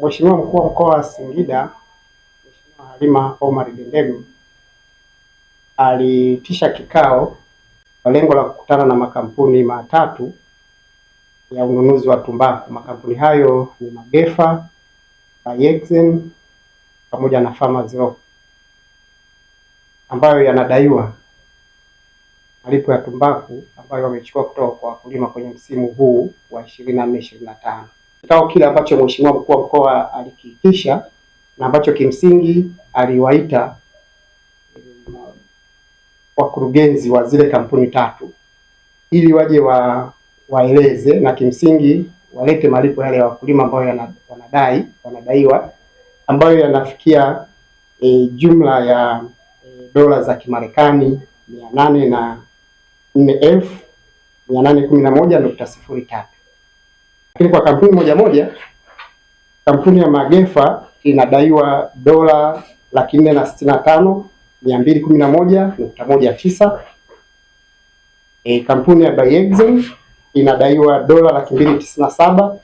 Mheshimiwa Mkuu wa Mkoa wa Singida Mheshimiwa Halima Omar Dendegu aliitisha kikao kwa lengo la kukutana na makampuni matatu ya ununuzi wa tumbaku. Makampuni hayo ni Magefa, Bayexen pamoja na Farmers Rock ambayo yanadaiwa malipo ya tumbaku ambayo wamechukua kutoka kwa wakulima kwenye msimu huu wa ishirini na nne ishirini na tano. Kikao kile ambacho mheshimiwa mkuu wa mkoa alikiitisha na ambacho kimsingi aliwaita eh, wakurugenzi wa zile kampuni tatu ili waje wa waeleze na kimsingi walete malipo yale ya wakulima ambayo wanadai wanadaiwa ambayo yanafikia e, jumla ya e, dola za Kimarekani mia nane na nne elfu mia nane kumi na moja nukta sifuri tatu. Lakini kwa kampuni moja moja, kampuni ya Magefa inadaiwa dola laki nne na sitini na tano mia mbili kumi na moja nukta moja tisa. E, kampuni ya Biexen inadaiwa dola laki mbili tisini na saba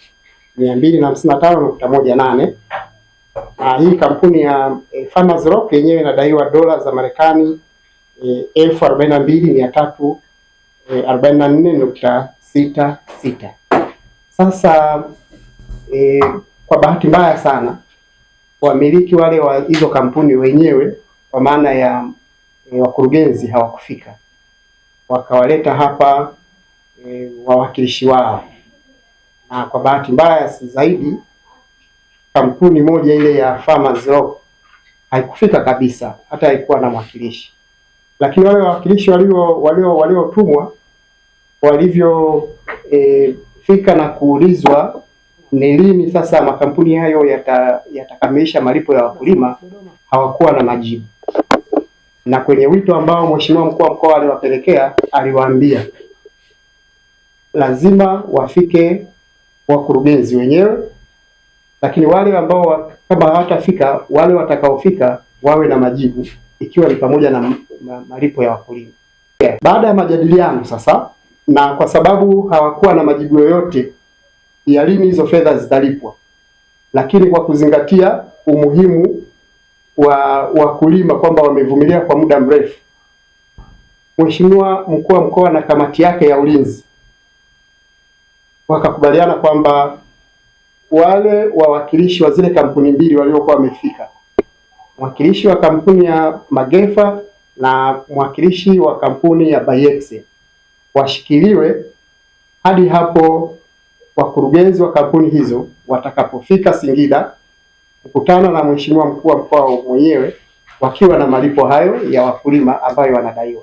mia mbili na hamsini na tano nukta moja nane na hii kampuni ya e, Farmers Rock yenyewe inadaiwa dola za Marekani e, elfu arobaini na mbili mia tatu e, arobaini na nne nukta sita sita. Sasa e, kwa bahati mbaya sana wamiliki wale wa hizo kampuni wenyewe kwa maana ya e, wakurugenzi hawakufika, wakawaleta hapa e, wawakilishi wao, na kwa bahati mbaya zaidi kampuni moja ile ya Farmers Rock haikufika kabisa, hata haikuwa na mwakilishi. Lakini wale wawakilishi walio waliotumwa walivyo e, kufika na kuulizwa ni lini sasa makampuni hayo yatakamilisha yata malipo ya wakulima, hawakuwa na majibu. Na kwenye wito ambao mheshimiwa mkuu wa mkoa aliwapelekea, aliwaambia lazima wafike wakurugenzi wenyewe, lakini wale ambao kama hawatafika, wale watakaofika wawe na majibu, ikiwa ni pamoja na malipo ya wakulima. Baada ya majadiliano sasa na kwa sababu hawakuwa na majibu yoyote ya lini hizo fedha zitalipwa, lakini kwa kuzingatia umuhimu wa wakulima kwamba wamevumilia kwa muda mrefu, Mheshimiwa mkuu wa mkoa na kamati yake ya ulinzi wakakubaliana kwamba wale wawakilishi wa zile kampuni mbili waliokuwa wamefika, mwakilishi wa kampuni ya Magefa na mwakilishi wa kampuni ya Bayexe washikiliwe hadi hapo wakurugenzi wa kampuni hizo watakapofika Singida kukutana na mheshimiwa mkuu wa mkoa mwenyewe wakiwa na malipo hayo ya wakulima ambayo wanadaiwa.